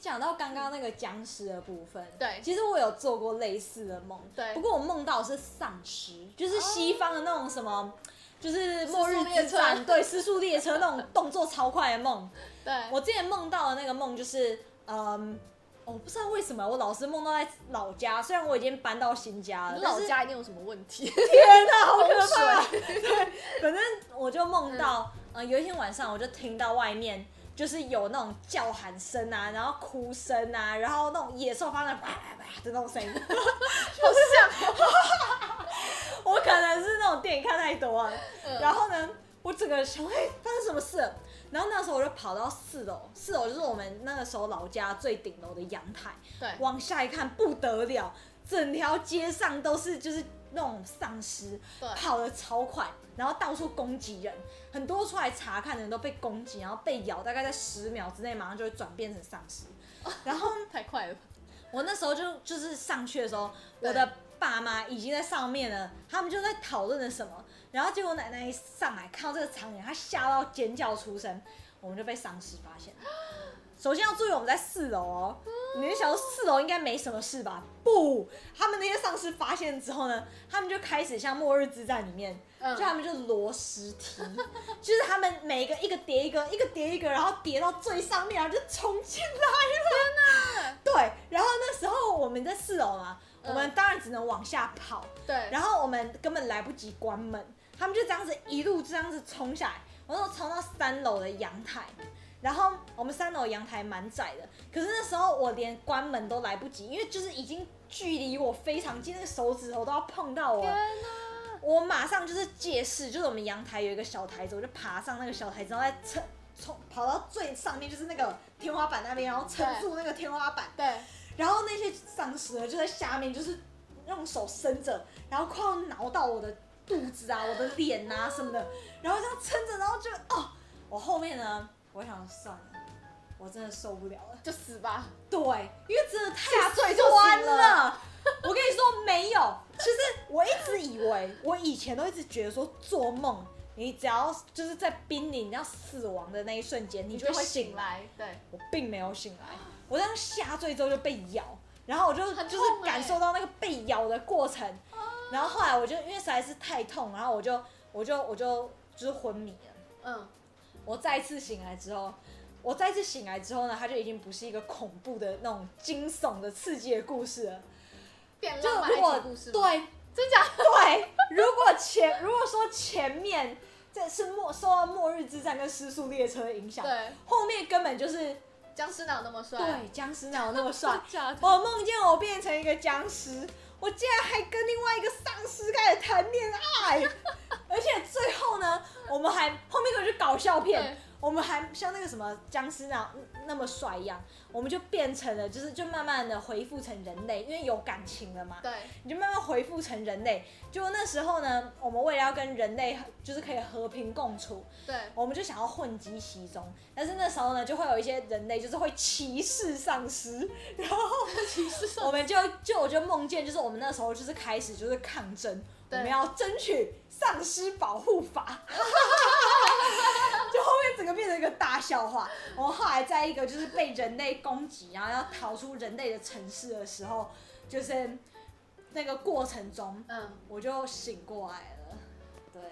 講到剛剛那個殭屍的部分，對，其實我有做過類似的夢，對。不過我夢到的是喪屍，就是西方的那種什麼，哦、就是末日之戰，對，屍速列車那種動作超快的夢。對，我之前夢到的那個夢就是，嗯，我不知道為什麼我老是夢到在老家，雖然我已經搬到新家了，老家一定有什麼問題。天吶、啊、好可怕！對，反正我就夢到，嗯、呃，有一天晚上我就聽到外面。就是有那種叫喊聲啊，然後哭聲啊，然後那種野獸發那叭啦叭啦叭啦的那種聲音， 就是這樣。 我可能是那種電影看太多，啊嗯，然後呢，我整個想，哎，發生什麼事啊？然後那時候我就跑到四樓，四樓就是我們那個時候老家最頂樓的陽台，對，往下一看不得了，整條街上都是就是那種喪屍，跑得超快。然後到處攻擊人，很多出來查看的人都被攻擊，然後被咬，大概在十秒之內馬上就會轉變成喪屍。然後太快了吧！我那時候就就是上去的時候，我的爸媽已經在上面了，他們就在討論着什麼。然後結果奶奶一上來，看到這個場景，她嚇到尖叫出聲，我們就被喪屍發現。首先要注意，我們在四樓哦。你們想說四樓應該沒什麼事吧？不，他們那些喪屍發現之後呢，他們就開始像末日之戰裡面，就他們就摞屍體，就是他們每一個一個疊一個，一個疊一個，然後疊到最上面，然後就衝進來了。天吶！對，然後那時候我們在四樓嘛，我們當然只能往下跑，嗯。對，然後我們根本來不及關門，他們就這樣子一路這樣子衝下來，然後衝到三樓的陽台。然後我們三樓陽台蠻窄的，可是那時候我連關門都來不及，因為就是已經距離我非常近，那個手指頭都要碰到我。天哪。我馬上就是借勢，就是我們陽台有一個小台子，我就爬上那個小台子，然後再撐從跑到最上面，就是那個天花板那邊，然後撐住那個天花板。對。對，然後那些喪屍就在下面，就是用手伸着，然後快要撓到我的肚子啊，我的臉啊什麼的，嗯、然後這樣撐着，然後就哦，我後面呢。我想算了，我真的受不了了，就死吧。對，因為真的太酸了。了 我跟你說沒有，其、就、實、是、我一直以為，我以前都一直覺得說做夢，你只要就是在瀕臨要死亡的那一瞬間，你就會醒來。對，我並沒有醒來，我在下墜之後就被咬，然後我就、欸、就是感受到那個被咬的過程，然後後來我就因為實在是太痛，然後我就我就我就我就，就是昏迷了。嗯。我再次醒來之後，我再次醒來之後呢，它就已經不是一個恐怖的那種驚悚的刺激的故事了，變浪漫的故事。對，真假的？對，如果前 如果說前面這是末受到末日之戰跟失速列車影響，對，後面根本就是。殭屍哪有那麼帥。啊，對，殭屍哪有那麼帥。 我夢見我變成一個殭屍，我竟然還跟另外一個喪屍開始談戀愛， 而且最後呢，我們還後面可是搞笑片。我們還像那個什麼僵屍那樣那麼帥一樣，我們就變成了，就是就慢慢的恢復成人類，因為有感情了嘛。對。你就慢慢恢復成人類，就那時候呢，我們為了要跟人類就是可以和平共處，對，我們就想要混跡其中。但是那時候呢，就會有一些人類就是會歧視喪屍，然後我們就就我就夢見，就是我們那時候就是開始就是抗爭，對，我們要爭取。喪屍保護法， 就後面整個變成一個大笑話。我後來在一個就是被人類攻擊，然後要逃出人類的城市的時候，就是那個過程中，嗯，我就醒過來了。對，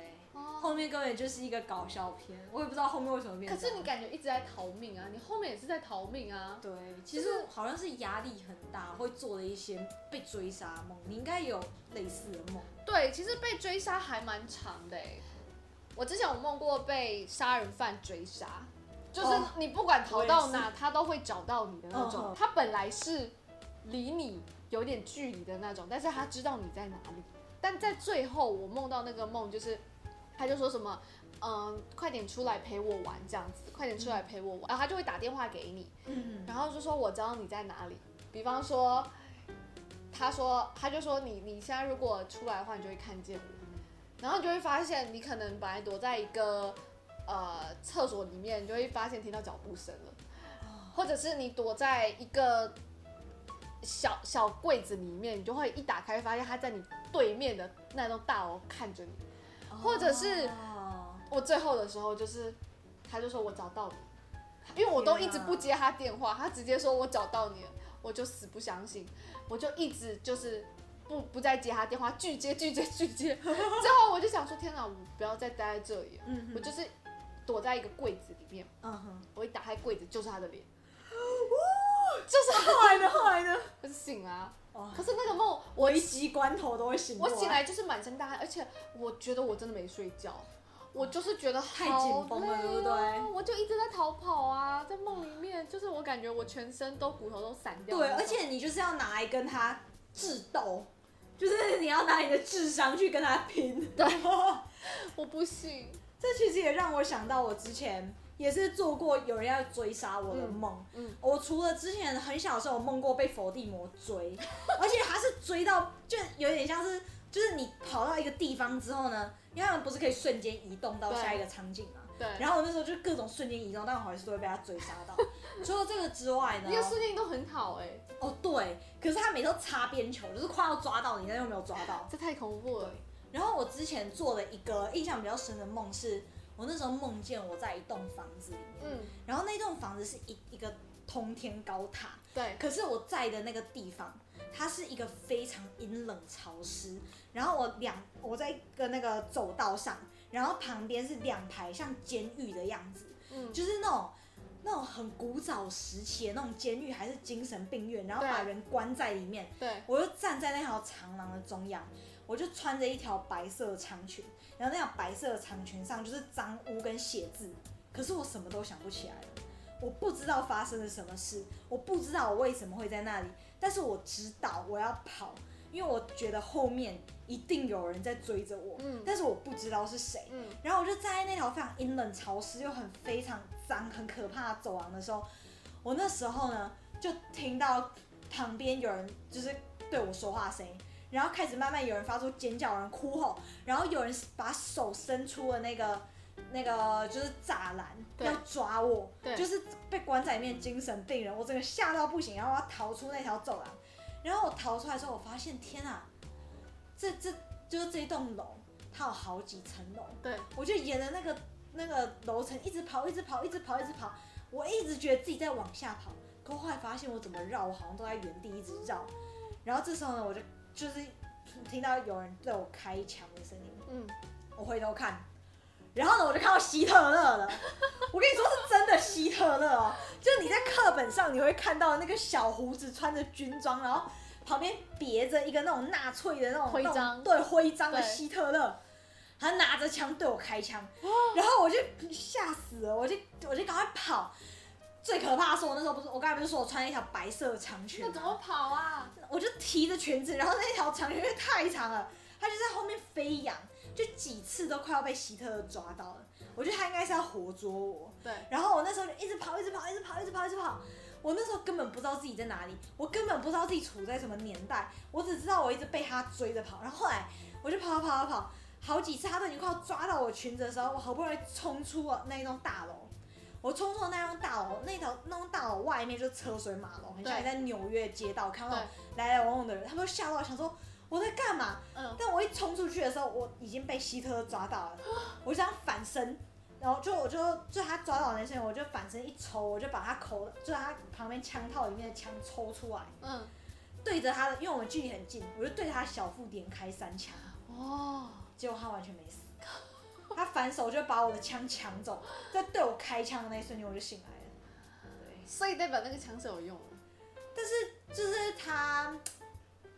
後面根本就是一個搞笑片，我也不知道後面為什麼變成。可是你感覺一直在逃命啊，你後面也是在逃命啊。對，其實好像是壓力很大，會做了一些被追殺夢。你應該有類似的夢。對，其實被追殺還蠻長的。我之前我夢過被殺人犯追殺，就是你不管逃到哪，哦、他都會找到你的那種。他本來是離你有點距離的那種，但是他知道你在哪裡。但在最後，我夢到那個夢，就是他就說什麼，嗯，快點出來陪我玩這樣子，快點出來陪我玩，嗯，然後他就會打電話給你，然後就說我知道你在哪裡，比方說。嗯他說，他就說你你現在如果出來的話，你就會看見我，然後你就會發現你可能本來躲在一個呃廁所裡面，你就會發現聽到腳步聲了，或者是你躲在一個小小櫃子裡面，你就會一打開發現他在你對面的那棟大樓看着你，或者是我最後的時候就是他就說我找到你，因為我都一直不接他電話，他直接說我找到你了。我就死不相信，我就一直就是不不再接他電話，拒接拒接拒接。最後我就想說，天哪，我不要再待在這裡了、嗯、我就是躲在一個櫃子裡面，uh -huh. 我一打開櫃子就是他的臉，uh -huh. 就是後來的後來的，我、oh, oh, 醒了、啊，oh, 可是那個夢一危機關頭都會醒，我醒來就是滿身大汗，而且我覺得我真的沒睡覺。我就是覺得、啊、太緊繃了，對不對？我就一直在逃跑啊，在夢裡面，就是我感覺我全身都骨頭都散掉對。對，而且你就是要拿來跟他智鬥，就是你要拿你的智商去跟他拼。對， 我不信。這其實也讓我想到，我之前也是做過有人要追殺我的夢、嗯。嗯。我除了之前很小的時候，我夢過被佛地魔追， 而且他是追到，就有點像是，就是你跑到一個地方之後呢？因為他們不是可以瞬間移動到下一個場景嘛？對。然後我那時候就各種瞬間移動，但好像是都會被他追殺到。 除了這個之外呢？那個瞬間移動都很好哎、欸。哦，對。可是他每次都擦邊球，就是快要抓到你，但又沒有抓到。這太恐怖了。然後我之前做了一個印象比較深的夢，是我那時候夢見我在一棟房子裡面，嗯、然後那棟房子是一一個通天高塔。對。可是我在的那個地方，它是一個非常陰冷潮濕，然後我兩我在一個那個走道上，然後旁邊是兩排像監獄的樣子，嗯，就是那種那種很古早時期的那種監獄，還是精神病院，然後把人關在裡面。對，我就站在那條長廊的中央，我就穿着一條白色的長裙，然後那條白色的長裙上就是髒污跟血漬，可是我什麼都想不起來了，我不知道發生了什麼事，我不知道我為什麼會在那裡。但是我知道我要跑，因為我覺得後面一定有人在追着我、嗯。但是我不知道是誰。然後我就站在那條非常陰冷潮、潮濕又很非常髒、很可怕的走廊的時候，我那時候呢就聽到旁邊有人就是對我說話聲音，然後開始慢慢有人發出尖叫，有人哭吼，然後有人把手伸出了那個。那個就是柵欄要抓我，就是被關在裡面，精神病人，我整個嚇到不行，然後我要逃出那條走廊，然後我逃出來之後，我發現天啊，這這就是這一棟樓，它有好幾層樓，對，我就沿着那個那個樓層一直跑，一直跑，一直跑，一直跑，我一直覺得自己在往下跑，可後來發現我怎麼繞，我好像都在原地一直繞，然後這時候呢，我就就是聽到有人對我開槍的聲音，嗯，我回頭看。然後呢，我就看到希特勒了。 我跟你說，是真的希特勒哦，就是你在課本上你會看到那個小鬍子穿着軍裝，然後旁邊別着一個那種納粹的那種徽章，對，徽章的希特勒，他拿着槍對我開槍，然後我就嚇死了，我就我就趕快跑。最可怕的是我那時候不是我剛才不是說我穿了一條白色長裙，那怎麼跑啊？我就提着裙子，然後那條長裙因為太長了，他就在後面飛揚。就幾次都快要被希特勒抓到了，我覺得他應該是要活捉我。對，然後我那時候就一直跑，一直跑，一直跑，一直跑，一直跑。我那時候根本不知道自己在哪裡，我根本不知道自己處在什麼年代，我只知道我一直被他追着跑。然後後來我就跑了跑，跑啊跑，好幾次他都已經快要抓到我裙子的時候，我好不容易衝出了那一棟大樓。我衝出了那棟那一棟大樓，那條那棟大樓外面就車水馬龍，很像在紐約街道看到來來往往的人，他們都嚇到我想說。我在幹嘛？嗯，但我一衝出去的時候，我已經被希特抓到了，我就想反身，然後就我就就他抓到我那瞬間，我就反身一抽，我就把他口，就他旁邊槍套裡面的槍抽出來。嗯，對着他的，因為我們距離很近，我就對他小腹點開三槍。哦，結果他完全沒死， 他反手就把我的槍搶走，在對我開槍的那一瞬間，我就醒來了。所以代表那個槍是有用的。但是就是他。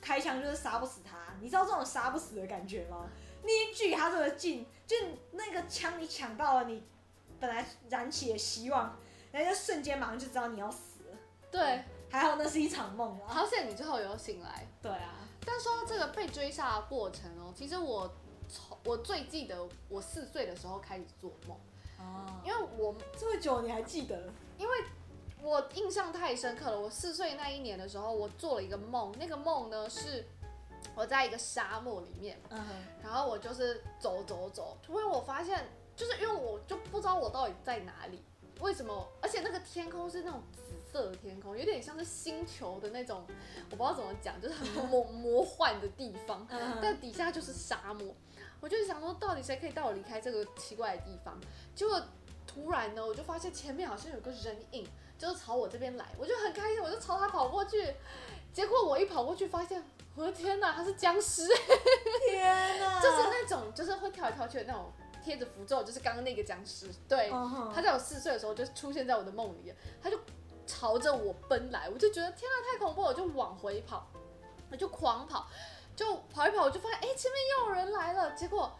開槍就是殺不死他，你知道這種殺不死的感覺嗎？那一距離他這麼近，就那個槍你搶到了你，你本來燃起的希望，人家瞬間馬上就知道你要死了。對，嗯、還好那是一場夢。好險你最後有醒來。對啊。但說到這個被追殺的過程哦、喔，其實我從我最記得我四歲的時候開始做夢、啊。因為我這麼久你還記得？因為。我印象太深刻了。我四歲那一年的時候，我做了一個夢。那個夢呢是我在一個沙漠裡面，然後我就是走走走，突然我發現，就是因為我就不知道我到底在哪裡，為什麼？而且那個天空是那種紫色的天空，有點像是星球的那種，我不知道怎麼講，就是很魔魔幻的地方。 但底下就是沙漠，我就想說，到底誰可以帶我離開這個奇怪的地方？結果突然呢，我就發現前面好像有個人影。就是朝我這邊來，我就很開心，我就朝他跑過去。結果我一跑過去，發現，我的天哪，他是僵屍！天哪！ 就是那種，就是會跳來跳去的那種，貼着符咒，就是剛剛那個僵屍。對，uh -huh. 他在我四歲的時候就出現在我的夢裡，他就朝着我奔來，我就覺得天哪，太恐怖了，我就往回跑，我就狂跑，就跑一跑，我就發現，哎、欸，前面又有人來了，結果。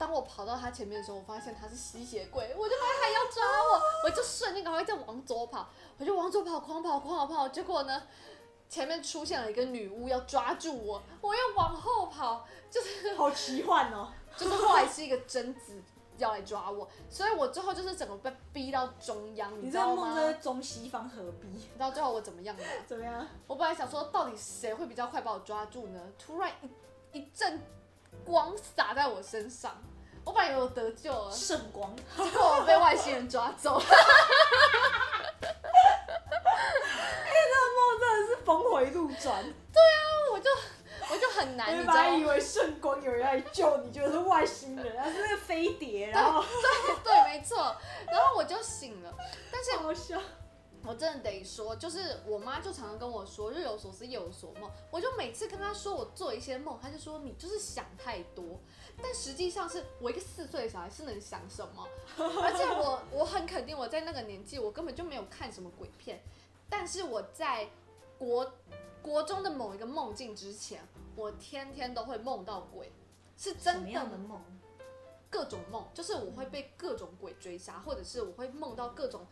當我跑到他前面的時候，我發現他是吸血鬼，我就發現他要抓我，oh, no! 我就瞬間趕快再往左跑，我就往左跑，狂跑狂跑跑，結果呢，前面出現了一個女巫要抓住我，我又往後跑，就是好奇幻哦， 就是後來是一個貞子要來抓我，所以我最後就是整個被逼到中央，你知道嗎？中西方合璧，你知道最後我怎麼樣嗎？怎麼樣？我本來想說到底誰會比較快把我抓住呢？突然一一陣光灑在我身上，我本來以為我得救了，聖光， 結果我被外星人抓走了。 這個夢真的是峰回路轉。對啊，我就我就很難。你本來以為聖光有人來救 你，就是外星人、啊，是那個飛碟，然後對對，對沒錯，然後我就醒了， 但是好笑。我真的得說，就是我媽就常常跟我說“日有所思，夜有所夢”。我就每次跟她說我做一些夢，她就說你就是想太多。但實際上是我一個四歲的小孩是能想什麼？而且我我很肯定，我在那個年紀我根本就沒有看什麼鬼片。但是我在國國中的某一個夢境之前，我天天都會夢到鬼，是真的夢，什麼樣的夢？各種夢，就是我會被各種鬼追殺，嗯，或者是我會夢到各種。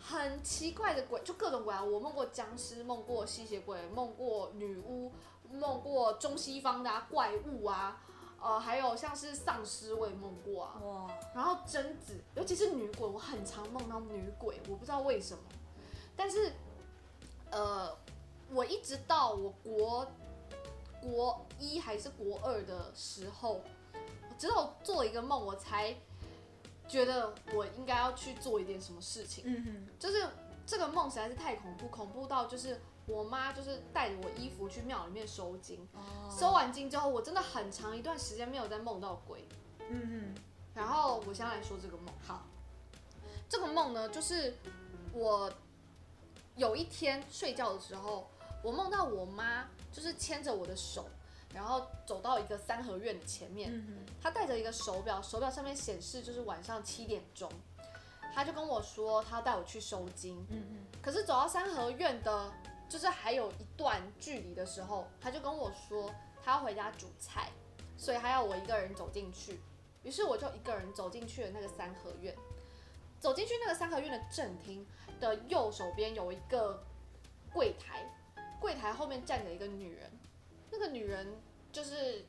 很奇怪的鬼，就各種鬼啊！我夢過殭屍，夢過吸血鬼，夢過女巫，夢過中西方的、啊、怪物啊，呃，還有像是喪屍我也夢過啊。哇！然後貞子，尤其是女鬼，我很常夢到女鬼，我不知道為什麼。但是，呃，我一直到我國國一還是國二的時候，我直到我做了一個夢，我才。覺得我應該要去做一點什麼事情，嗯哼，就是這個夢實在是太恐怖，恐怖到就是我媽就是帶着我衣服去廟裡面收驚，收完驚之後，我真的很長一段時間沒有再夢到鬼，嗯哼，然後我先來說這個夢，好，這個夢呢，就是我有一天睡覺的時候，我夢到我媽就是牽着我的手。然後走到一個三合院的前面，嗯、他戴着一個手表，手表上面顯示就是晚上七點鐘，他就跟我說他要帶我去收驚，嗯，可是走到三合院的，就是還有一段距離的時候，他就跟我說他要回家煮菜，所以他要我一個人走進去，於是我就一個人走進去了那個三合院，走進去那個三合院的正廳的右手邊有一個櫃台，櫃台後面站着一個女人。個女人就是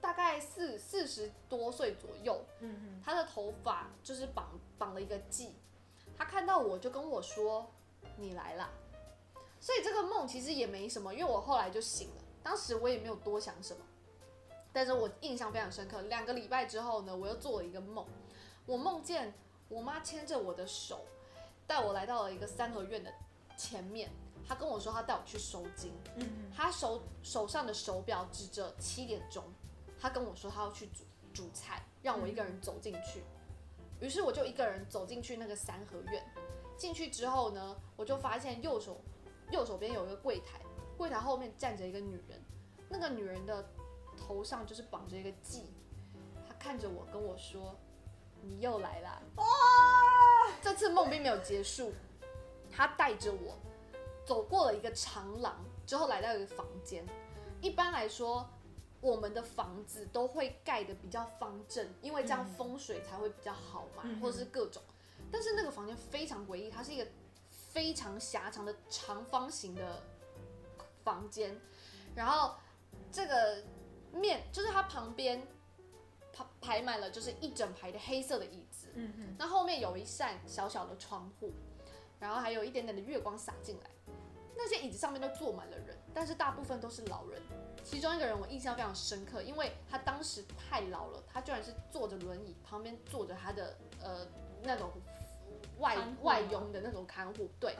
大概四四十多歲左右，嗯哼，她的頭髮就是綁綁了一個髻，她看到我就跟我說：“你來啦。”所以這個夢其實也沒什麼，因為我後來就醒了，當時我也沒有多想什麼，但是我印象非常深刻。兩個禮拜之後呢，我又做了一個夢，我夢見我媽牽着我的手，帶我來到了一個三合院的前面。他跟我說，他帶我去收金。嗯嗯，他手手上的手表指着七點鐘。他跟我說，他要去煮煮菜，讓我一個人走進去。於是，嗯，我就一個人走進去那個三合院。進去之後呢，我就發現右手右手邊有一個櫃檯，櫃檯後面站着一個女人。那個女人的頭上就是綁着一個髻。她看着我，跟我說：“你又來了。”哦！哇！這次夢並沒有結束。他帶着我。走過了一個長廊之後，來到一個房間。一般來說，我們的房子都會蓋得比較方正，因為這樣風水才會比較好嘛、嗯，或者是各種。但是那個房間非常詭異，它是一個非常狹長的長方形的房間，然後這個面就是它旁邊排排滿了就是一整排的黑色的椅子。嗯嗯。那後面有一扇小小的窗戶，然後還有一點點的月光灑進來。那些椅子上面都坐滿了人，但是大部分都是老人。其中一個人我印象非常深刻，因為他當時太老了，他居然是坐着輪椅，旁邊坐着他的呃那種外外傭的那種看護。對。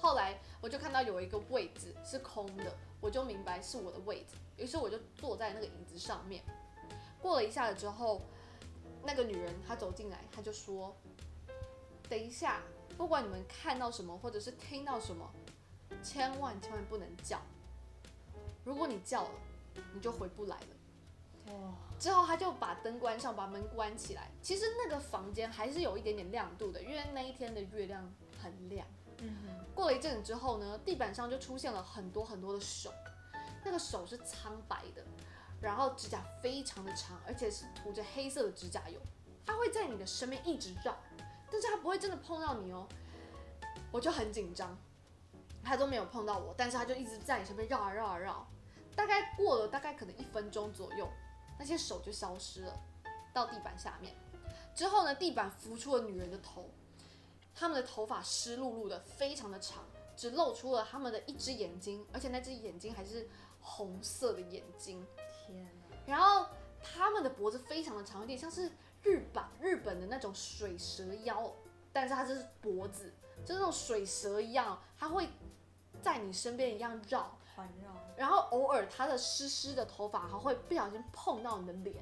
後來我就看到有一個位置是空的，我就明白是我的位置。於是我就坐在那個椅子上面。過了一下子之後，那個女人她走進來，她就說：“等一下，不管你們看到什麼，或者是聽到什麼。”千萬千萬不能叫！如果你叫了，你就回不來了。哦。之後他就把燈關上，把門關起來。其實那個房間還是有一點點亮度的，因為那一天的月亮很亮。嗯。過了一陣子之後呢，地板上就出現了很多很多的手，那個手是蒼白的，然後指甲非常的長，而且是塗着黑色的指甲油。它會在你的身邊一直繞，但是它不會真的碰到你哦。我就很緊張。他都沒有碰到我，但是他就一直在你身邊繞啊繞啊繞。大概過了大概可能一分鐘左右，那些手就消失了，到地板下面。之後呢，地板浮出了女人的頭，他們的頭髮濕漉漉的，非常的長，只露出了他們的一隻眼睛，而且那隻眼睛還是紅色的眼睛。天吶，然後他們的脖子非常的長，有點像是日本日本的那種水蛇腰。但是它是脖子，就是那種水蛇一樣，它會。在你身邊一樣繞環繞，然後偶爾他的濕濕的頭髮還會不小心碰到你的臉，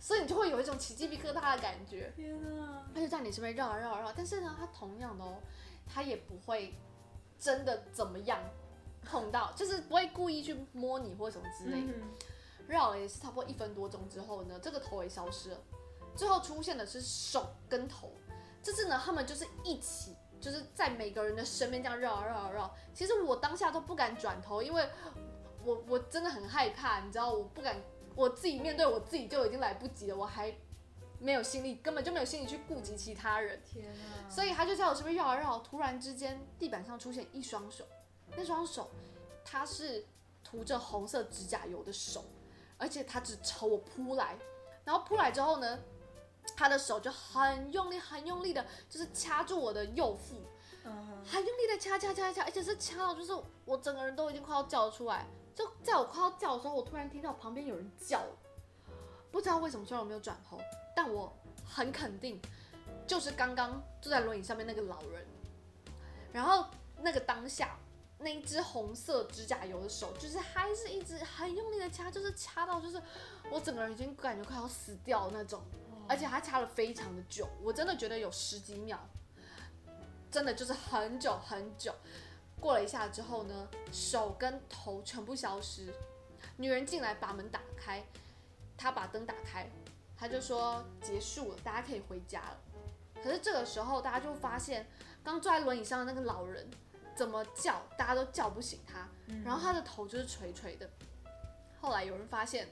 所以你就會有一種起雞皮疙瘩的感覺。天哪。他就在你身邊繞啊繞啊繞啊，但是呢，他同樣的哦，他也不會真的怎麼樣碰到，就是不會故意去摸你或什麼之類的、嗯嗯。繞了也是差不多一分多鐘之後呢，這個頭也消失了，最後出現的是手跟頭。就是呢，他們就是一起。就是在每個人的身邊這樣繞繞繞，其實我當下都不敢轉頭，因為我我真的很害怕，你知道，我不敢我自己面對我自己就已經來不及了，我還沒有心力，根本就沒有心力去顧及其他人。天哪、啊！所以他就在我身邊繞啊繞，突然之間地板上出現一雙手，那雙手，他是塗着紅色指甲油的手，而且他只朝我撲來，然後撲來之後呢，他的手就很用力，很用力的，就是掐住我的右腹，很用力的掐掐掐掐，而且是掐到，就是我整個人都已經快要叫出來，就在我快要叫的時候，我突然聽到旁邊有人叫，不知道為什麼，雖然我沒有轉頭，但我很肯定就是剛剛坐在輪椅上面那個老人。然後那個當下，那一只紅色指甲油的手，就是還是一直很用力的掐，就是掐到，就是我整個人已經感覺快要死掉那種。而且他掐了非常的久，我真的覺得有十幾秒，真的就是很久很久。過了一下之後呢，手跟頭全部消失，女人進來把門打開，她把燈打開，她就說結束了，大家可以回家了。可是這個時候大家就發現，剛坐在輪椅上的那個老人，怎麼叫大家都叫不醒他。嗯，然後他的頭就是垂垂的。後來有人發現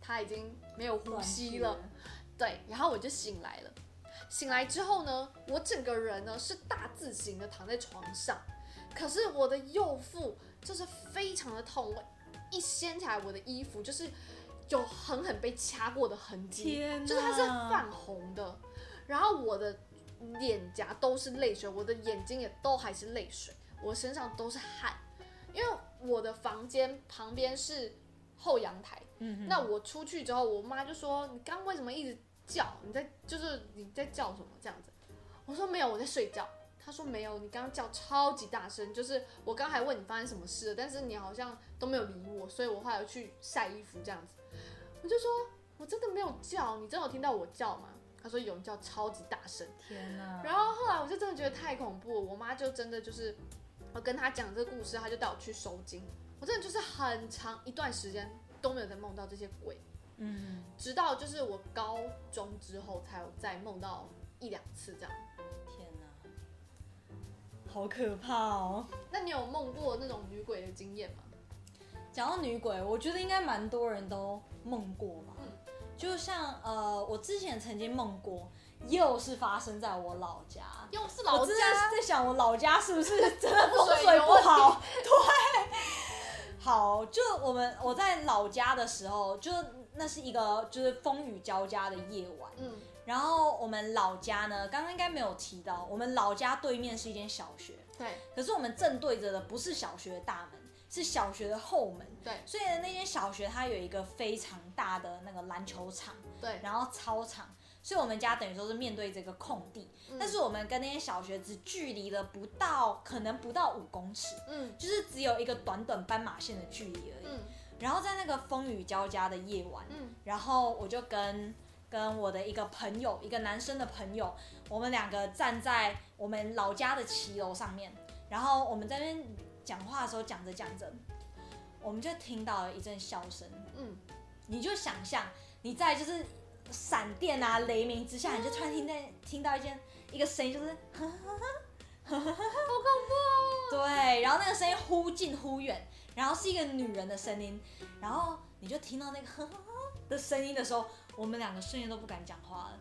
他已經沒有呼吸了。嗯嗯對，然後我就醒來了。醒來之後呢，我整個人呢是大字型的躺在床上，可是我的右腹就是非常的痛，欸。我一掀起來我的衣服，就是有狠狠被掐過的痕跡，天哪。就是它是泛紅的。然後我的臉頰都是淚水，我的眼睛也都還是淚水，我身上都是汗，因為我的房間旁邊是後陽台。嗯，那我出去之後，我媽就說：“你剛剛為什麼一直？”叫你在，就是你在叫什麼這樣子？我說沒有，我在睡覺。他說沒有，你剛剛叫超級大聲，就是我剛還問你發生什麼事了，但是你好像都沒有理我，所以我後來去曬衣服這樣子。我就說，我真的沒有叫，你真的有聽到我叫嗎？他說有人叫超級大聲，天哪、啊！然後後來我就真的覺得太恐怖，我媽就真的就是，我跟他講這個故事，他就帶我去收驚。我真的就是很長一段時間都沒有再夢到這些鬼。嗯，直到就是我高中之後才有再夢到一兩次這樣。天哪，好可怕哦！那你有夢過那種女鬼的經驗嗎？講到女鬼，我覺得應該蠻多人都夢過吧、嗯。就像呃，我之前曾經夢過，又是發生在我老家，又是老家。我之前在想我老家是不是真的風水不好？ 對，好，就我們我在老家的時候就。那是一個就是風雨交加的夜晚，嗯，然後我們老家呢，剛剛應該沒有提到，我們老家對面是一間小學，對，可是我們正對着的不是小學的大門，是小學的後門，對，所以那間小學它有一個非常大的那個籃球場，對，然後操場，所以我們家等於說是面對這個空地，嗯，但是我們跟那些小學只距離了不到，可能不到五公尺，嗯，就是只有一個短短斑馬線的距離而已，嗯然後在那個風雨交加的夜晚，嗯，然後我就跟跟我的一個朋友，一個男生的朋友，我們兩個站在我們老家的騎樓上面，然後我們在那邊講話的時候，講着講着，我們就聽到了一陣笑聲，嗯，你就想象你在就是閃電啊雷鳴之下，你就突然聽到聽到一件一個聲音，就是呵呵呵呵呵呵，好恐怖哦，對，然後那個聲音忽近忽遠。然後是一個女人的聲音，然後你就聽到那個哼哼哼的聲音的時候，我們兩個瞬間都不敢講話了。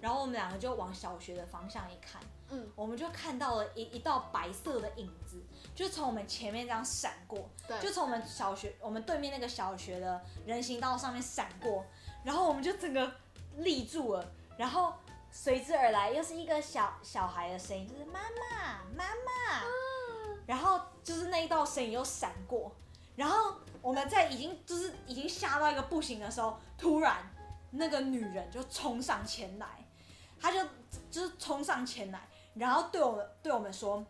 然後我們兩個就往小學的方向一看，嗯，我們就看到了一一道白色的影子，就從我們前面這樣閃過，對，就從我們小學我們對面那個小學的人行道上面閃過。然後我們就整個立住了，然後隨之而來又是一個小小孩的聲音，就是媽媽，媽媽，嗯、然後。就是那一道身影又閃過，然後我們在已經就是已經嚇到一個不行的時候，突然那個女人就衝上前來，她就就是衝上前來，然後對我們對我們說：“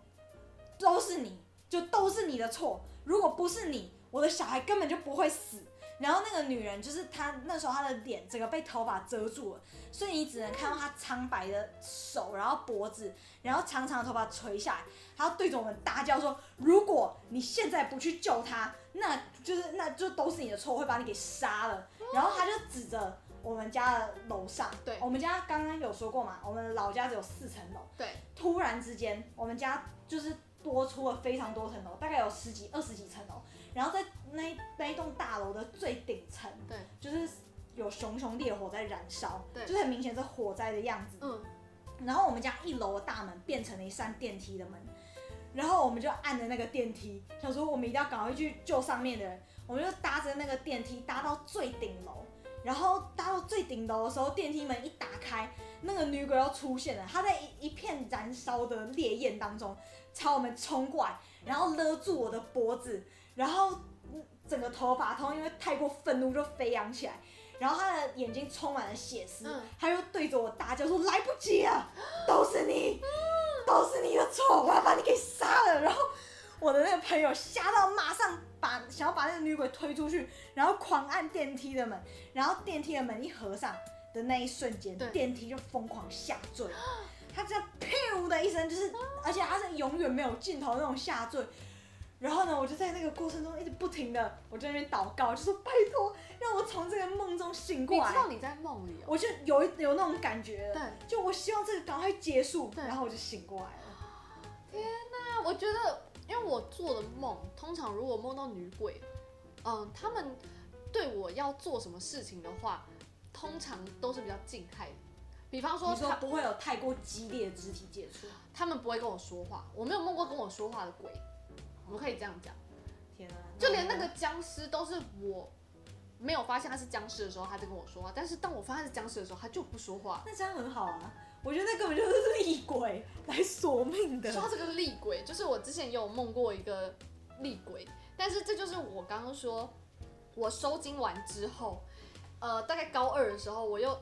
都是你，就都是你的錯。如果不是你，我的小孩根本就不會死。”然後那個女人就是她那時候她的臉整個被頭髮遮住了，所以你只能看到她蒼白的手，然後脖子，然後長長的頭髮垂下來，她對着我們大叫說：“如果你現在不去救她，那就是那就都是你的錯，會把你給殺了。”然後她就指着我們家的樓上，對，我們家剛剛有說過嘛，我們老家只有四層樓，對，突然之間我們家就是多出了非常多層樓，大概有十幾、二十幾層樓。然後在那一那一棟大樓的最頂層，對，就是有熊熊烈火在燃燒，對，就是很明顯是火災的樣子。嗯，然後我們家一樓的大門變成了一扇電梯的門，然後我們就按着那個電梯，想說我們一定要趕快去救上面的人，我們就搭着那個電梯搭到最頂樓。然後搭到最頂樓的時候，電梯門一打開，那個女鬼又出現了，她在一一片燃燒的烈焰當中朝我們衝過來，然後勒住我的脖子。然後整個頭髮突因為太過憤怒就飛揚起來，然後他的眼睛充滿了血絲、嗯，他又對着我大叫說：“來不及啊，都是你，嗯、都是你的錯，我要把你給殺了。”然後我的那個朋友嚇到馬上把想要把那個女鬼推出去，然後狂按電梯的門，然後電梯的門一合上的那一瞬間，電梯就瘋狂下墜，它“屁噗”的一聲就是，而且他是永遠沒有盡頭那種下墜。然後呢，我就在那個過程中一直不停的，我就在那邊禱告，就說拜托，讓我從這個夢中醒過來。你知道你在夢裡、哦，我就有一有那種感覺對，就我希望這個趕快結束，然後我就醒過來了。天哪，我覺得，因為我做的夢，通常如果夢到女鬼，嗯、呃，他們對我要做什麼事情的話，通常都是比較靜態的，比方說，你說不會有太過激烈的肢體接觸，他們不會跟我說話，我沒有夢過跟我說話的鬼。我們可以這樣講，天哪，就連那個僵屍都是我沒有發現他是僵屍的時候，他就跟我說話。但是當我發現他是僵屍的時候，他就不說話。那這樣很好啊，我覺得那根本就是厲鬼來索命的。說到這個厲鬼，就是我之前也有夢過一個厲鬼，但是這就是我剛剛說，我收驚完之後，呃，大概高二的時候，我又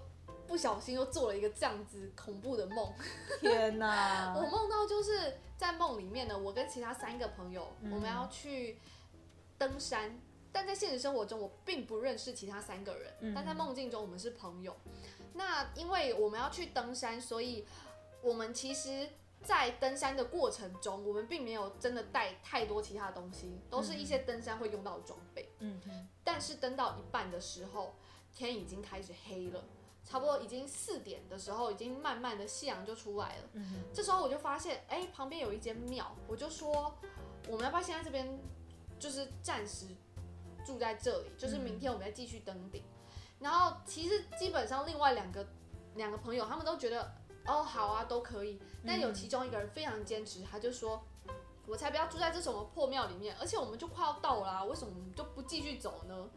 不小心又做了一個這樣子恐怖的夢。天哪，我夢到就是。在夢裡面呢，我跟其他三個朋友、嗯，我們要去登山。但在現實生活中，我並不認識其他三個人。但在夢境中，我們是朋友、嗯。那因為我們要去登山，所以我們其實，在登山的過程中，我們並沒有真的帶太多其他東西，都是一些登山會用到的裝備、嗯。但是登到一半的時候，天已經開始黑了。差不多已經四點的時候，已經慢慢的夕陽就出來了、嗯。這時候我就發現，誒，旁邊有一間廟，我就說，我們要不要現在這邊，就是暫時住在這裡，就是明天我們再繼續登頂、嗯。然後其實基本上另外兩個兩個朋友他們都覺得，哦，好啊，都可以。但有其中一個人非常堅持，他就說，我才不要住在這什麼破廟裡面，而且我們就快要到了、啊，為什麼我們就不繼續走呢？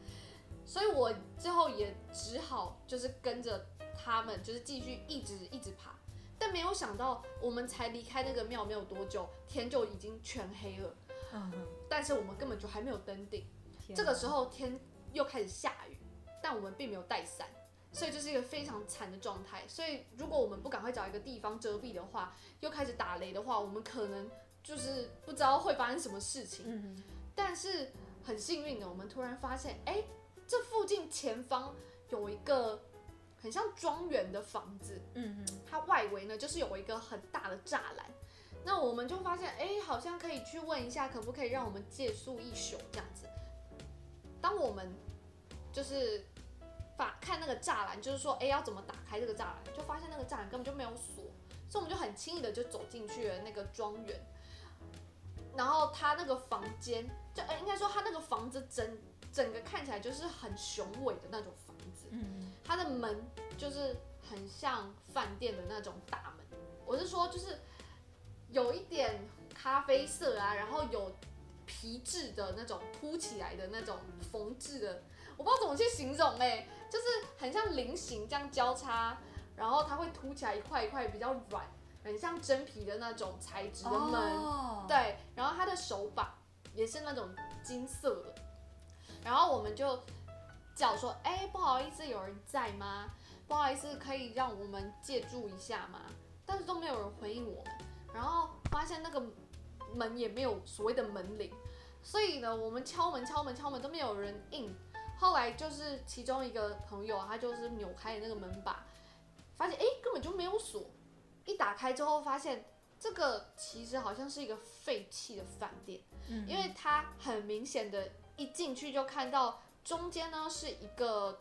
所以，我最後也只好就是跟着他們，就是繼續一直一直爬。但沒有想到，我們才離開那個廟沒有多久，天就已經全黑了。嗯、但是我們根本就還沒有登頂、天啊。這個時候天又開始下雨，但我們並沒有帶傘，所以就是一個非常慘的狀態。所以，如果我們不趕快找一個地方遮蔽的話，又開始打雷的話，我們可能就是不知道會發生什麼事情。嗯、但是很幸運的，我們突然發現，誒、欸。這附近前方有一個很像莊園的房子，嗯嗯，它外圍呢，就是有一個很大的柵欄。那我們就發現，哎，好像可以去問一下，可不可以讓我們借宿一宿這樣子。當我們就是把看那個柵欄，就是說，哎，要怎麼打開這個柵欄，就發現那個柵欄根本就沒有鎖，所以我們就很輕易的就走進去了那個莊園。然後他那個房間，就哎，應該說他那個房子真。整個看起來就是很雄偉的那種房子，它的門就是很像飯店的那種大門，我是說就是有一點咖啡色啊，然後有皮質的那種凸起來的那種縫制的，我不知道怎麼去形容哎，就是很像菱形這樣交叉，然後它會凸起來一塊一塊比較軟，很像真皮的那種材質的門，Oh. 對，然後它的手把也是那種金色的。然後我們就叫說，哎，不好意思，有人在嗎？不好意思，可以讓我們借住一下嗎？但是都沒有人回應我們。然後發現那個門也沒有所謂的門鈴，所以呢，我們敲門、敲門、敲門都沒有人應。後來就是其中一個朋友，他就是扭開了那個門把，發現哎，根本就沒有鎖。一打開之後，發現這個其實好像是一個廢棄的飯店，嗯、因為它很明顯的。一進去就看到中間呢是一個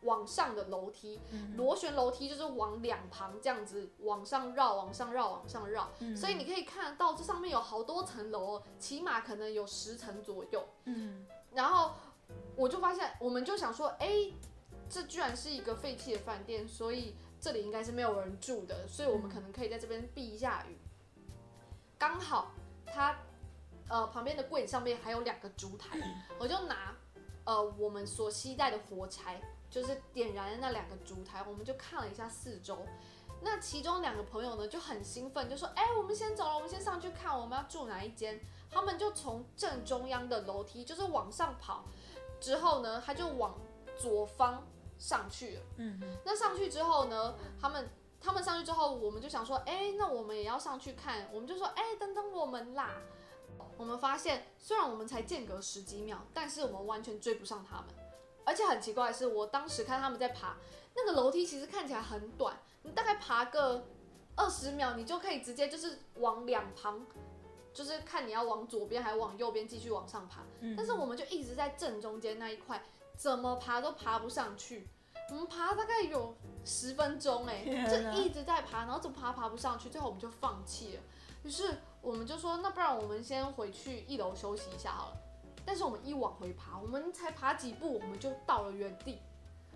往上的樓梯，mm -hmm. 螺旋樓梯就是往兩旁這樣子往上繞，往上繞，往上繞，mm -hmm. 所以你可以看到這上面有好多層樓，起碼可能有十層左右。嗯、mm -hmm.，然後我就發現，我們就想說，哎、欸，這居然是一個廢棄的飯店，所以這裡應該是沒有人住的，所以我們可能可以在這邊避一下雨。剛、mm -hmm. 好它。呃，旁邊的櫃子上面還有兩個燭台、嗯，我就拿，呃，我們所攜帶的火柴，就是點燃那兩個燭台，我們就看了一下四周。那其中兩個朋友呢就很興奮，就說：“哎、欸，我們先走了，我們先上去看，我們要住哪一間？”他們就從正中央的樓梯就是往上跑，之後呢，他就往左方上去了。嗯嗯。那上去之後呢，他們他們上去之後，我們就想說：“哎、欸，那我們也要上去看。”我們就說：“哎、欸，等等我們啦。”我們發現，雖然我們才間隔十幾秒，但是我們完全追不上他們。而且很奇怪的是，我當時看他們在爬那個樓梯，其實看起來很短，你大概爬個二十秒，你就可以直接就是往兩旁，就是看你要往左邊還是往右邊繼續往上爬。但是我們就一直在正中間那一塊，怎麼爬都爬不上去。我們爬大概有十分鐘，誒，就一直在爬，然後怎麼爬爬不上去，最後我們就放棄了。於是。我們就說，那不然我們先回去一樓休息一下好了。但是我們一往回爬，我們才爬幾步，我們就到了原地，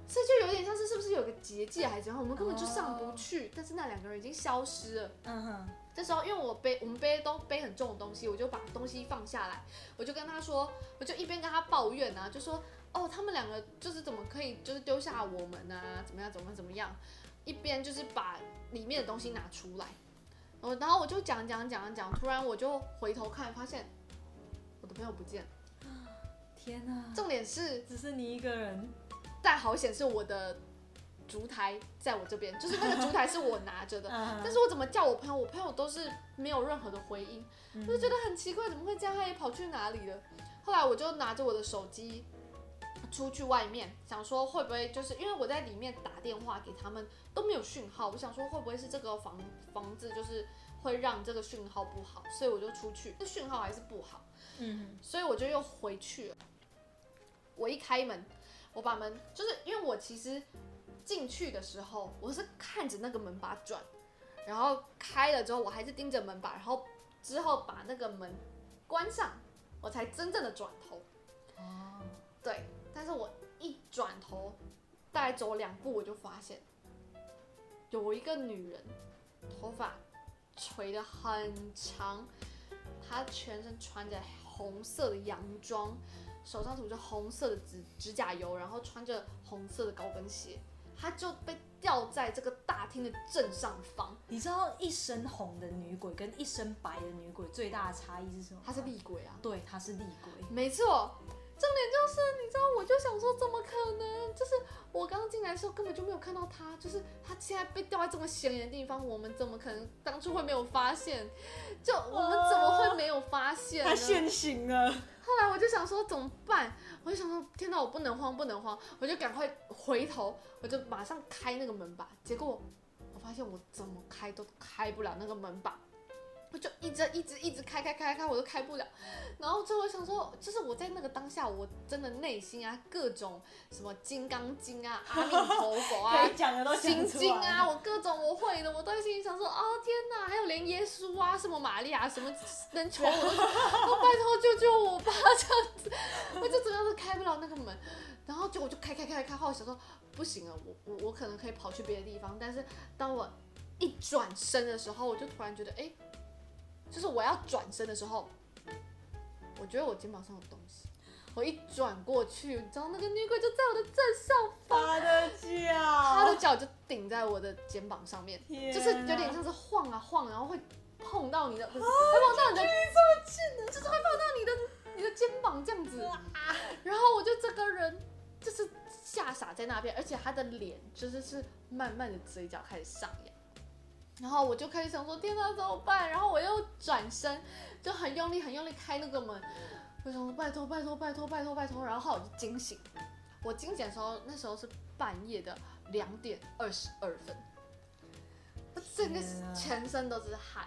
這就有點像是是不是有個結界還是怎樣？我們根本就上不去。Oh. 但是那兩個人已經消失了。嗯哼。這時候因為我背我們背都背很重的東西，我就把東西放下來，我就跟他說，我就一邊跟他抱怨啊，就說哦，他們兩個就是怎麼可以就是丟下我們呢、啊？怎麼樣？怎麼怎麼樣？一邊就是把裡面的東西拿出來。我然後我就講講講講，突然我就回頭看，發現我的朋友不見了。天哪！重點是只是你一個人，但好險是我的燭台在我這邊，就是那個燭台是我拿着的。 但是我怎麼叫我朋友，我朋友都是沒有任何的回應，嗯、就覺得很奇怪，怎麼會這樣？他也跑去哪裡了？後來我就拿着我的手機。出去外面想說會不會就是因為我在裡面打電話給他們都沒有訊號，我想說會不會是這個房房子就是會讓這個訊號不好，所以我就出去，這訊號還是不好，嗯，所以我就又回去了。我一開門，我把門就是因為我其實進去的時候我是看着那個門把轉，然後開了之後我還是盯着門把，然後之後把那個門關上，我才真正的轉頭。哦，對。但是我一轉頭，大概走兩步，我就發現有一個女人，頭髮垂得很長，她全身穿着紅色的洋裝，手上塗着紅色的指指甲油，然後穿着紅色的高跟鞋，她就被吊在這個大廳的正上方。你知道，一身紅的女鬼跟一身白的女鬼最大的差異是什麼？她是厲鬼啊。對，她是厲鬼。沒錯。重點就是，你知道，我就想說，怎麼可能？就是我剛進來的時候根本就沒有看到他，就是他現在被吊在這麼顯眼的地方，我們怎麼可能當初會沒有發現？就我們怎麼會沒有發現？他現形了。後來我就想說怎麼辦？我就想說，天吶，我不能慌，不能慌，我就趕快回頭，我就馬上開那個門把。結果我發現我怎麼開都開不了那個門把。我就一直一直一直開開開開，我都開不了。然後最後我想說，就是我在那個當下，我真的內心啊，各種什麼金剛經啊、阿彌陀佛啊、 心經啊，我各種我會的，我都在心裡想說：哦天哪，還有連耶穌啊、什麼瑪利亞什麼人，能求我都， 都拜托救救我吧！這樣子我就怎麼樣都開不了那個門。然後就我就開開開開，然後來我想說不行啊，我我我可能可以跑去別的地方。但是當我一轉身的時候，我就突然覺得哎。欸就是我要轉身的時候，我覺得我肩膀上有東西，我一轉過去，你知道那個女鬼就在我的正上方，她的腳，她的腳就頂在我的肩膀上面，就是有點像是晃啊晃、啊，然後會碰到你的，會碰到你的，這麼近，就是會碰到你的你的肩膀這樣子，然後我就整個人就是嚇傻在那邊，而且她的臉就是是慢慢的嘴角開始上揚。然後我就開始想說，天哪，怎麼辦？然後我又轉身，就很用力、很用力開那個門。我想說，拜託、拜託、拜託、拜託、拜託。然後我就驚醒，我驚醒的時候，那時候是半夜的兩點二十二分，我整個全身都是汗，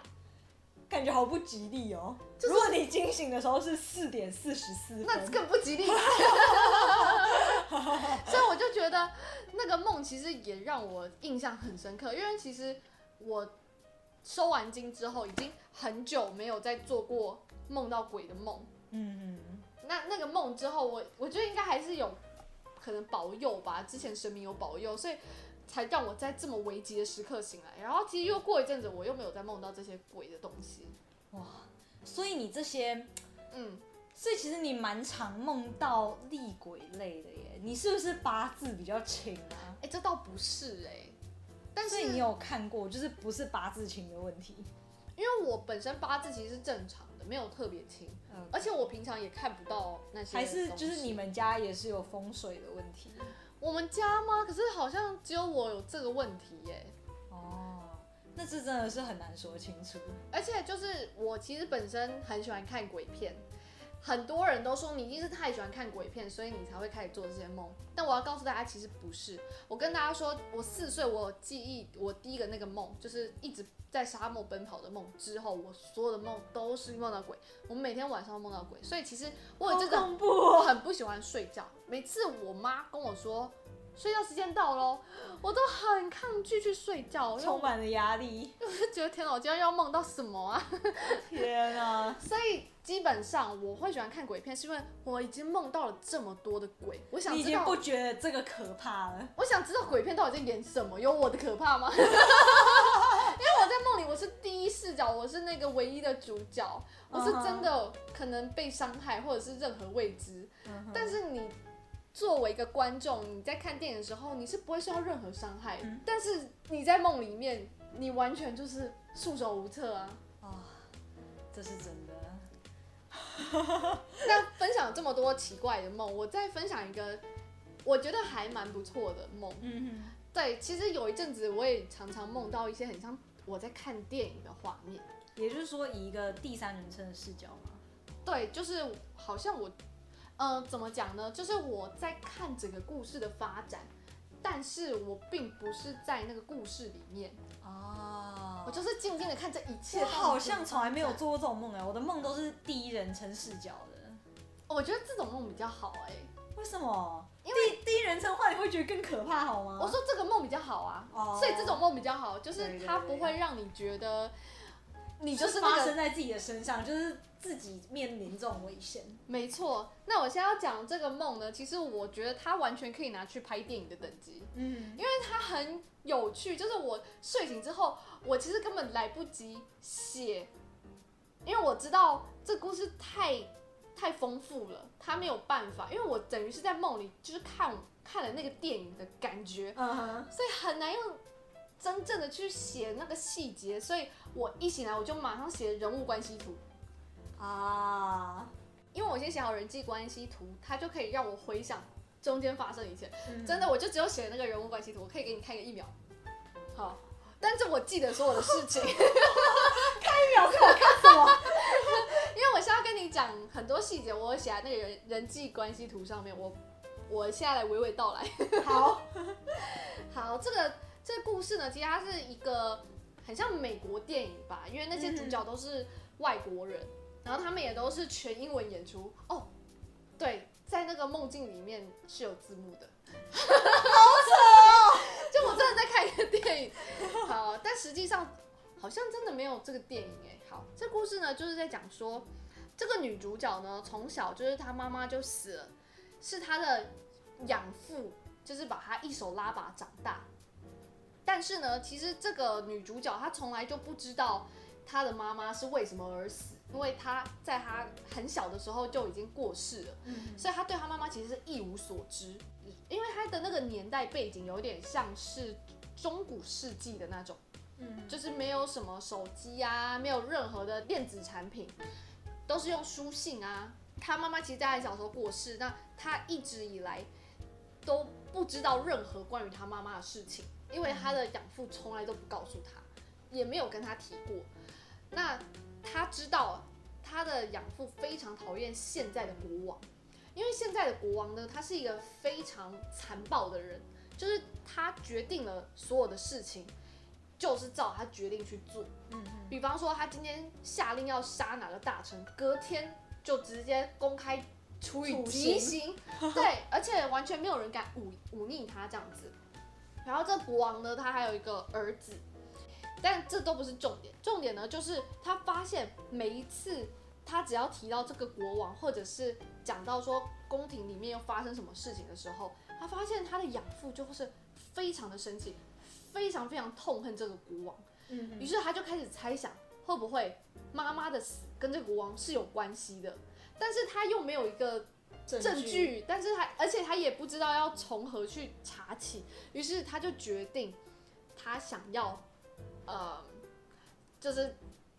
感覺好不吉利哦、就是。如果你驚醒的時候是四點四十四分，那更不吉利。 所以我就覺得那個夢其實也讓我印象很深刻，因為其實。我收完驚之後，已經很久沒有再做過夢到鬼的夢。嗯嗯。那那個夢之後我，我我覺得應該還是有可能保佑吧，之前神明有保佑，所以才讓我在這麼危急的時刻醒來。然後其實又過一陣子，我又沒有再夢到這些鬼的東西。哇，所以你這些，嗯，所以其實你蠻常夢到厲鬼類的耶。你是不是八字比較輕啊？誒、欸，這倒不是誒、欸。但是你有看過，就是不是八字清的問題，因為我本身八字其實是正常的，沒有特別清，okay. 而且我平常也看不到那些東西。還是就是你們家也是有風水的問題？我們家嗎？可是好像只有我有這個問題耶。哦、oh，那這真的是很難說清楚。而且就是我其實本身很喜歡看鬼片。很多人都說你一定是太喜歡看鬼片，所以你才會開始做這些夢。但我要告訴大家，其實不是。我跟大家說，我四歲，我有記憶，我第一個那個夢就是一直在沙漠奔跑的夢。之後我所有的夢都是夢到鬼，我每天晚上都夢到鬼。所以其實我真的很不很不喜歡睡覺。每次我媽跟我說睡覺時間到咯，我都很抗拒去睡覺，充滿了壓力。我就覺得天哪，我今天要夢到什麼啊？天哪！啊！ 所以。基本上我會喜歡看鬼片，是因為我已經夢到了這麼多的鬼，我想知道你已經不覺得這個可怕了。我想知道鬼片到底在演什麼，嗯、有我的可怕嗎？ 因為我在夢裡我是第一視角，我是那個唯一的主角，我是真的可能被傷害或者是任何未知。嗯、但是你作為一個觀眾，你在看電影的時候你是不會受到任何傷害，嗯，但是你在夢裡面，你完全就是束手無策啊！啊，這是真的。 那分享這麼多奇怪的夢，我再分享一個，我覺得還蠻不錯的夢。嗯，對，其實有一陣子我也常常夢到一些很像我在看電影的畫面，也就是說以一個第三人稱的視角嗎？對，就是好像我，呃，怎麼講呢？就是我在看整個故事的發展，但是我並不是在那個故事裡面啊。就是靜靜的看這一切，我好像從來沒有做過這種夢哎、欸，我的夢都是第一人稱視角的。嗯，我覺得這種夢比較好哎、欸，為什麼？因為第，第一人稱話你會覺得更可怕好嗎？我說這個夢比較好啊，哦，所以這種夢比較好，就是它不會讓你覺得你就是發生在自己的身上，就是。自己面臨這種危險，沒錯。那我現在要講這個夢呢，其實我覺得它完全可以拿去拍電影的等級，嗯，因為它很有趣。就是我睡醒之後，我其實根本來不及寫，因為我知道這故事太太豐富了，他沒有辦法。因為我等於是在夢裡，就是看看了那個電影的感覺，啊，所以很難用真正的去寫那個細節。所以我一醒來，我就馬上寫人物關係圖。啊，因為我先寫好人際關係圖，它就可以讓我回想中間發生一切，嗯。真的，我就只有寫那個人物關係圖，我可以給你開個一秒。好，但是我記得所有的事情。 開一秒給我 看什麼？ 因為我現在要跟你講很多細節，我寫在那個人人際關係圖上面。我我現在來娓娓道來。 好好，這個這個故事呢，其實它是一個很像美國電影吧，因為那些主角都是外國人。嗯然後他們也都是全英文演出哦，對，在那個夢境裡面是有字幕的，好扯哦，就我真的在看一個電影，好，但實際上好像真的沒有這個電影誒。好，這故事呢就是在講說，這個女主角呢從小就是她媽媽就死了，是她的養父就是把她一手拉拔長大，但是呢，其實這個女主角她從來就不知道她的媽媽是為什麼而死。因為他在他很小的時候就已經過世了，嗯，所以他對他媽媽其實是一無所知。因為他的那個年代背景有點像是中古世紀的那種，嗯，就是沒有什麼手機啊，沒有任何的電子產品，都是用書信啊。他媽媽其實在很小的時候過世，那他一直以來都不知道任何關於他媽媽的事情，因為他的養父從來都不告訴他，也沒有跟他提過。那他知道，他的養父非常討厭現在的國王，因為現在的國王呢，他是一個非常殘暴的人，就是他決定了所有的事情，就是照他決定去做。嗯嗯。比方說，他今天下令要殺哪個大臣，隔天就直接公開處以極刑。 對，而且完全沒有人敢忤忤逆他這樣子。然後這國王呢，他還有一個兒子。但這都不是重點，重點呢就是他發現每一次他只要提到這個國王，或者是講到說宮廷裡面又發生什麼事情的時候，他發現他的養父就會是非常的生氣，非常非常痛恨這個國王。嗯，於是他就開始猜想，會不會媽媽的死跟這個國王是有關係的？但是他又沒有一個證據，證據。但是他而且他也不知道要從何去查起，於是他就決定他想要。呃、嗯，就是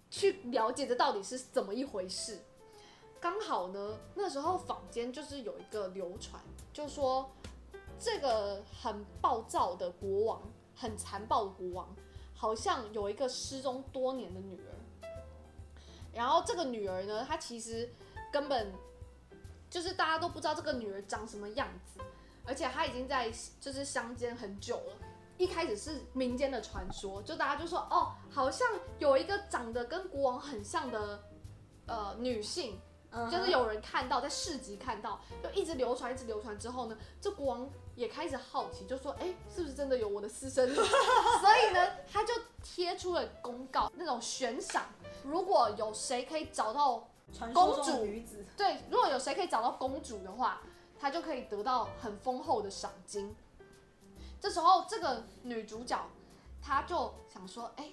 去了解這到底是怎麼一回事。剛好呢，那時候坊間就是有一個流傳，就是、說這個很暴躁的國王，很殘暴的國王，好像有一個失蹤多年的女兒。然後這個女兒呢，她其實根本就是大家都不知道這個女兒長什麼樣子，而且她已經在就是鄉間很久了。一開始是民間的傳說，就大家就說哦，好像有一個長得跟國王很像的，呃，女性，uh -huh. 就是有人看到在市集看到，就一直流傳，一直流傳之後呢，這國王也開始好奇，就說哎、欸，是不是真的有我的私生女？ 所以呢，他就貼出了公告，那種懸賞，如果有誰可以找到公主女子，對，如果有誰可以找到公主的話，他就可以得到很豐厚的賞金。這時候，這個女主角她就想說：“哎，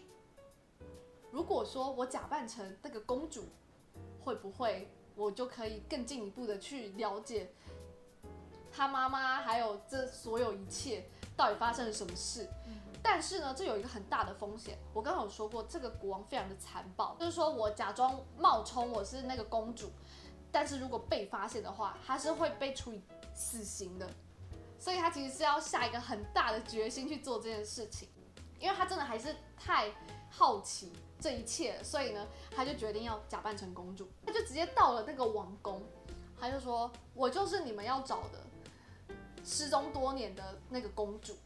如果說我假扮成那個公主，會不會我就可以更進一步的去了解她媽媽還有這所有一切到底發生了什麼事？但是呢，這有一個很大的風險。我剛剛有說過，這個國王非常的殘暴，就是說我假裝冒充我是那個公主，但是如果被發現的話，他是會被處以死刑的。”所以他其實是要下一個很大的決心去做這件事情，因為他真的還是太好奇這一切，所以呢，他就決定要假扮成公主，他就直接到了那個王宮，他就說：“我就是你們要找的失蹤多年的那個公主。”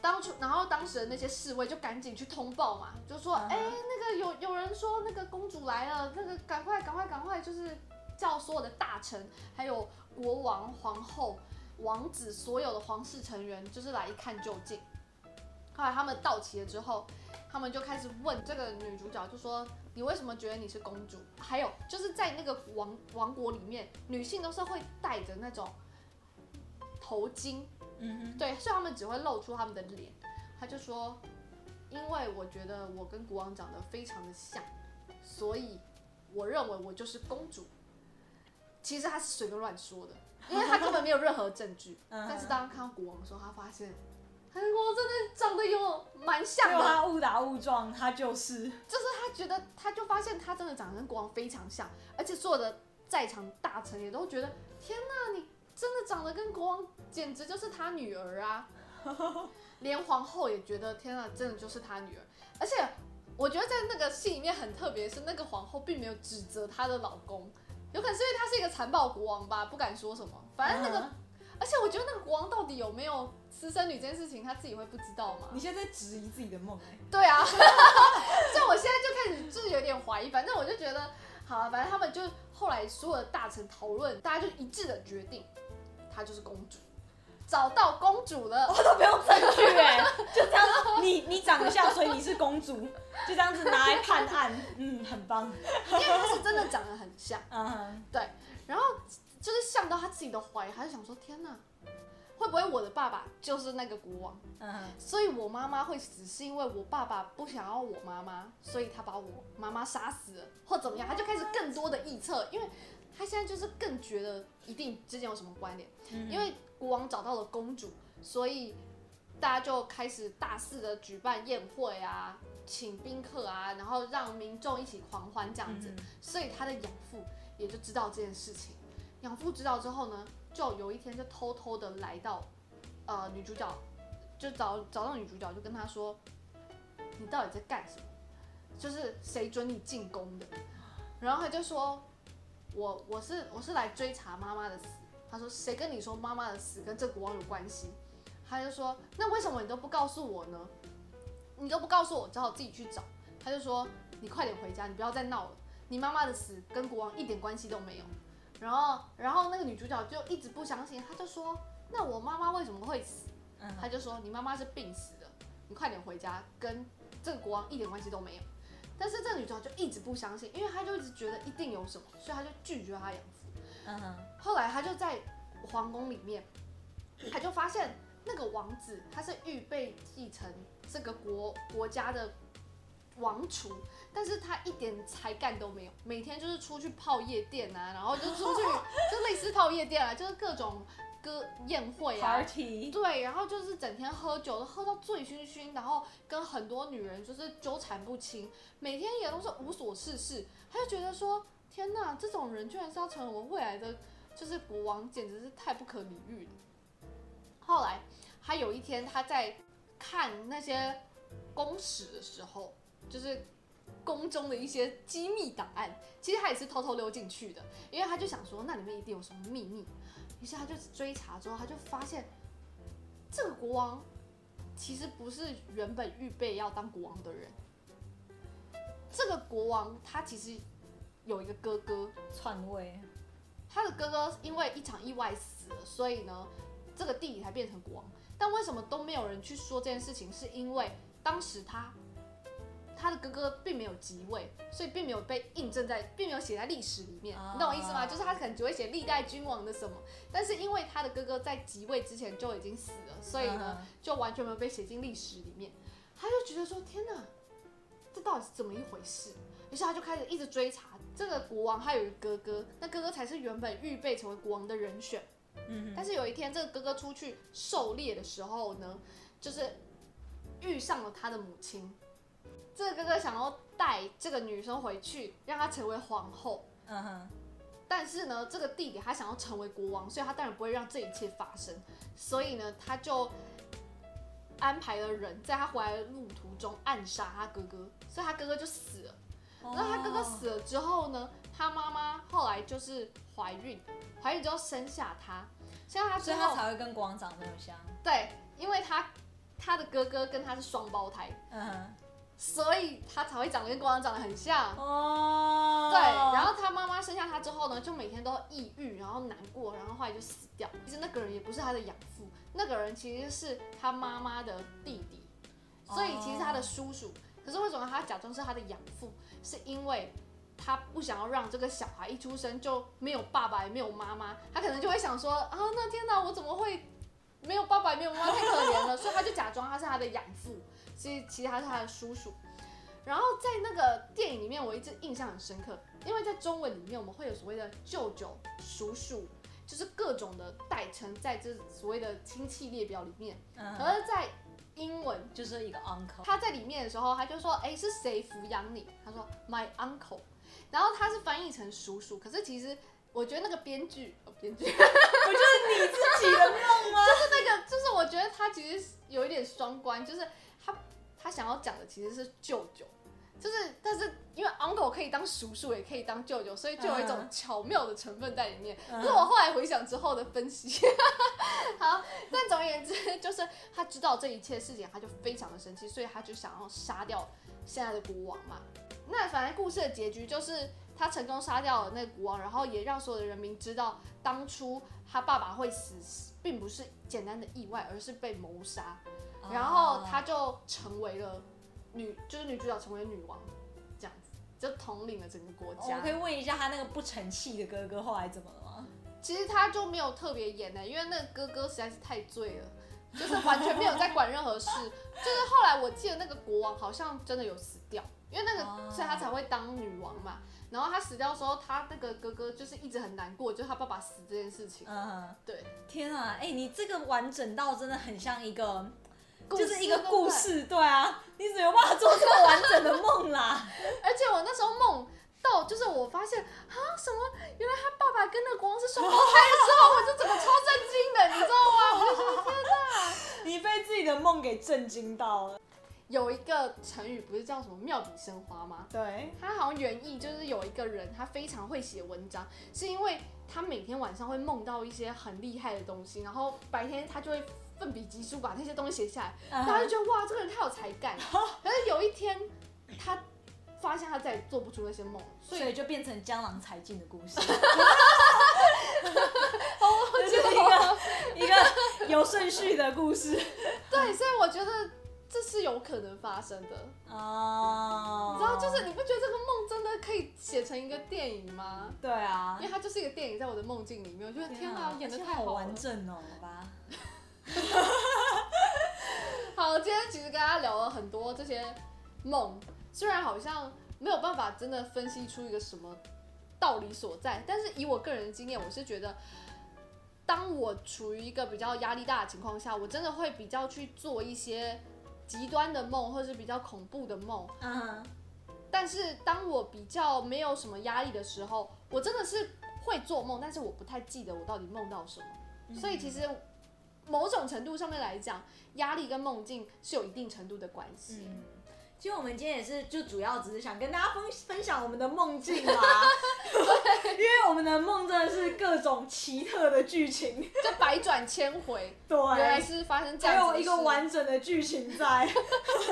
當初，然後當時的那些侍衛就趕緊去通報嘛，就說：“欸，那個有有人說那個公主來了，那個趕快趕快趕快，就是叫所有的大臣還有國王皇後。”王子所有的皇室成員就是來一看究竟，後來他們到齊了之後，他們就開始問這個女主角，就說：“你為什麼覺得你是公主？”還有就是在那個王王國裡面，女性都是會戴着那種頭巾，嗯、對，所以他們只會露出他們的臉。他就說：“因為我覺得我跟國王長得非常的像，所以我認為我就是公主。”其實他是隨便亂說的。因為他根本沒有任何證據， 但是當他看到國王的時候，他發現，國王真的長得有蠻像的。因為他誤打誤撞，他就是，就是他覺得，他就發現他真的長得跟國王非常像，而且所有的在場大臣也都覺得，天哪，你真的長得跟國王簡直就是他女兒啊！ 連皇後也覺得，天哪，真的就是他女兒。而且我覺得在那個戲裡面很特別，是那個皇后並沒有指責她的老公。有可能是因為他是一個殘暴國王吧，不敢說什麼。反正那個、啊，而且我覺得那個國王到底有沒有私生女這件事情，他自己會不知道嗎？你現在在質疑自己的夢、欸？對啊， 所以我現在就開始就是有點懷疑。反正我就覺得，好了、啊，反正他們就後來所有的大臣討論，大家就一致的決定，她就是公主。找到公主了，我、哦、都不用證據哎， 就這樣子，你你長得像，所以你是公主，就這樣子拿來判案， 嗯，很棒， 因為他是真的長得很像，嗯、uh -huh.，對，然後就是像到他自己的懷疑，他就想說，天哪，會不會我的爸爸就是那個國王，嗯、uh -huh.，所以我媽媽會死，是因為我爸爸不想要我媽媽，所以他把我媽媽殺死了或怎麼樣，他就開始更多的臆測，因為。他現在就是更覺得一定之間有什麼關聯，因為國王找到了公主，所以大家就開始大肆的舉辦宴會啊，請賓客啊，然後讓民眾一起狂歡這樣子，所以他的養父也就知道這件事情。養父知道之後呢，就有一天就偷偷的來到，呃，女主角，就找找到女主角，就跟她說：“你到底在幹什麼？就是誰准你進宮的？”然後他就說。我我是我是來追查媽媽的死。他說，誰跟你說媽媽的死跟這國王有關係？他就說，那為什麼你都不告訴我呢？你都不告訴我，只好自己去找。他就說，你快點回家，你不要再鬧了。你媽媽的死跟國王一點關係都沒有。然後然後那個女主角就一直不相信，他就說，那我媽媽為什麼會死？她他就說，你媽媽是病死的。你快點回家，跟這個國王一點關係都沒有。但是這女主角就一直不相信，因為她就一直覺得一定有什麼，所以她就拒絕她養父。Uh-huh. 後來她就在皇宮裡面，她就發現那個王子他是預備繼承這個國國家的王儲，但是他一點才幹都沒有，每天就是出去泡夜店啊，然後就出去就類似泡夜店啊，就是各種。歌、宴會啊，Party. 對，然後就是整天喝酒，都喝到醉醺醺，然後跟很多女人就是糾纏不清，每天也都是無所事事。他就覺得說，天哪，這種人居然是要成為我未來的，就是國王，簡直是太不可理喻了。後來，他有一天他在看那些宮史的時候，就是宮中的一些機密檔案，其實他也是偷偷溜進去的，因為他就想說，那裡面一定有什麼祕密。於是他就追查之後，他就發現，這個國王其實不是原本預備要當國王的人。這個國王他其實有一個哥哥篡位，他的哥哥因為一場意外死了，所以呢，這個弟弟才變成國王。但為什麼都沒有人去說這件事情？是因為當時他。他的哥哥並沒有即位，所以並沒有被印證在，並沒有寫在歷史裡面。你懂我意思嗎？就是他可能只會寫歷代君王的什麼，但是因為他的哥哥在即位之前就已經死了，所以呢，就完全沒有被寫進歷史裡面。他就覺得說：“天哪，這到底是怎麼一回事？”於是他就開始一直追查這個國王，他有一個哥哥，那哥哥才是原本預備成為國王的人選。嗯，但是有一天，這個哥哥出去狩獵的時候呢，就是遇上了他的母親。這個哥哥想要帶這個女生回去，讓她成為皇後。嗯哼。但是呢，這個弟弟他想要成為國王，所以他當然不會讓這一切發生。所以呢，他就安排了人在他回來的路途中暗殺他哥哥，所以他哥哥就死了。哦。然後他哥哥死了之後呢，他媽媽後來就是懷孕，懷孕之後生下他，生下他之後，所以他才會跟國王長得那麼像。對，因為他他的哥哥跟他是雙胞胎。嗯哼。所以他才會長得跟國王長得很像哦。對，然後他媽媽生下他之後呢，就每天都抑鬱，然後難過，然後後來就死掉。其實那個人也不是他的養父，那個人其實是他媽媽的弟弟，所以其實他的叔叔。可是為什麼他假裝是他的養父？是因為他不想要讓這個小孩一出生就沒有爸爸也沒有媽媽，他可能就會想說啊，那天哪，啊，我怎麼會沒有爸爸也沒有媽媽，太可憐了，所以他就假裝他是他的養父。其實他是他的叔叔，然後在那個電影裡面，我一直印象很深刻，因為在中文裡面我們會有所謂的舅舅、叔叔，就是各種的代稱在這所謂的親戚列表裡面。而在英文就是一個 uncle，他在裡面的時候，他就說：“哎，是誰撫養你？”他說：“my uncle。”然後他是翻譯成叔叔，可是其實我覺得那個編劇，哦，編劇，我覺得你自己的夢嗎？就是那個，就是我覺得他其實有一點雙關，就是。他想要講的其實是舅舅，就是，但是因為 uncle 可以當叔叔，也可以當舅舅，所以就有一種巧妙的成分在裡面。這、uh -huh. 是我後來回想之後的分析。Uh -huh. 好，但總而言之，就是他知道這一切事情，他就非常的生氣，所以他就想要殺掉現在的國王嘛。那反正故事的結局就是。他成功殺掉了那個國王，然後也讓所有的人民知道，當初他爸爸會死，並不是簡單的意外，而是被謀殺。Oh. 然後他就成為了女，就是女主角成為女王，這樣子就統領了整個國家。我、oh, 可以問一下，他那個不成器的哥哥後來怎麼了嗎？其實他就沒有特別演呢、欸，因為那個哥哥實在是太醉了，就是完全沒有在管任何事。 就是後來我記得那個國王好像真的有死掉，因為那個，oh. 所以他才會當女王嘛。然後他死掉的時候，他那個哥哥就是一直很難過，就是、他爸爸死這件事情。嗯，對。天啊，哎、欸，你這個完整到真的很像一個，就是一個故事，對啊。你怎麼有辦法做這麼完整的夢啦？ 而且我那時候夢到，就是我發現啊，什麼原來他爸爸跟那個國王是雙胞胎的時候，我 就怎麼超震驚的，你知道嗎？ 我就覺得天哪，你被自己的夢給震驚到了。有一個成語不是叫什麼妙筆生花嗎？對，他好像原意就是有一個人，他非常會寫文章，是因為他每天晚上會夢到一些很厲害的東西，然後白天他就會奮筆疾書把那些東西寫下來，大、uh -huh. 他就覺得哇，這個人太有才幹。可是有一天，他發現他再也做不出那些夢，所以就變成江郎才盡的故事。就 是一個 一個有順序的故事。 對，所以我覺得。這是有可能發生的啊！Oh. 你知道，就是你不覺得這個夢真的可以寫成一個電影嗎？對啊，因為它就是一個電影，在我的夢境裡面，我覺得天啊，演得太完整了。好、哦、吧。 好，今天其實跟大家聊了很多這些夢，雖然好像沒有辦法真的分析出一個什麼道理所在，但是以我個人的經驗，我是覺得，當我處於一個比較壓力大的情況下，我真的會比較去做一些。極端的夢，或者是比較恐怖的夢，嗯、Uh-huh.，但是當我比較沒有什麼壓力的時候，我真的是會做夢，但是我不太記得我到底夢到什麼，嗯。所以其實某種程度上面來講，壓力跟夢境是有一定程度的關係。嗯其實我們今天也是，就主要只是想跟大家分、分享我們的夢境嘛 對， 因為我們的夢真的是各種奇特的劇情，就百轉千回。對，原來是發生這樣，還有一個完整的劇情在。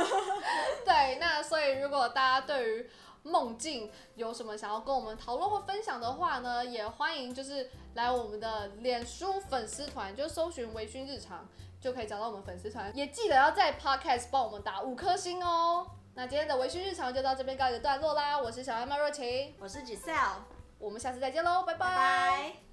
對，那所以如果大家對於夢境有什麼想要跟我們討論或分享的話呢，也歡迎就是來我們的臉書粉絲團，就搜尋微醺日常。就可以找到我們粉絲團，也記得要在 Podcast 幫我們打五顆星哦。那今天的微醺日常就到這邊告一個段落啦，我是小艾媽若晴，我是 g i sell，e 我們下次再見嘍，拜拜。Bye bye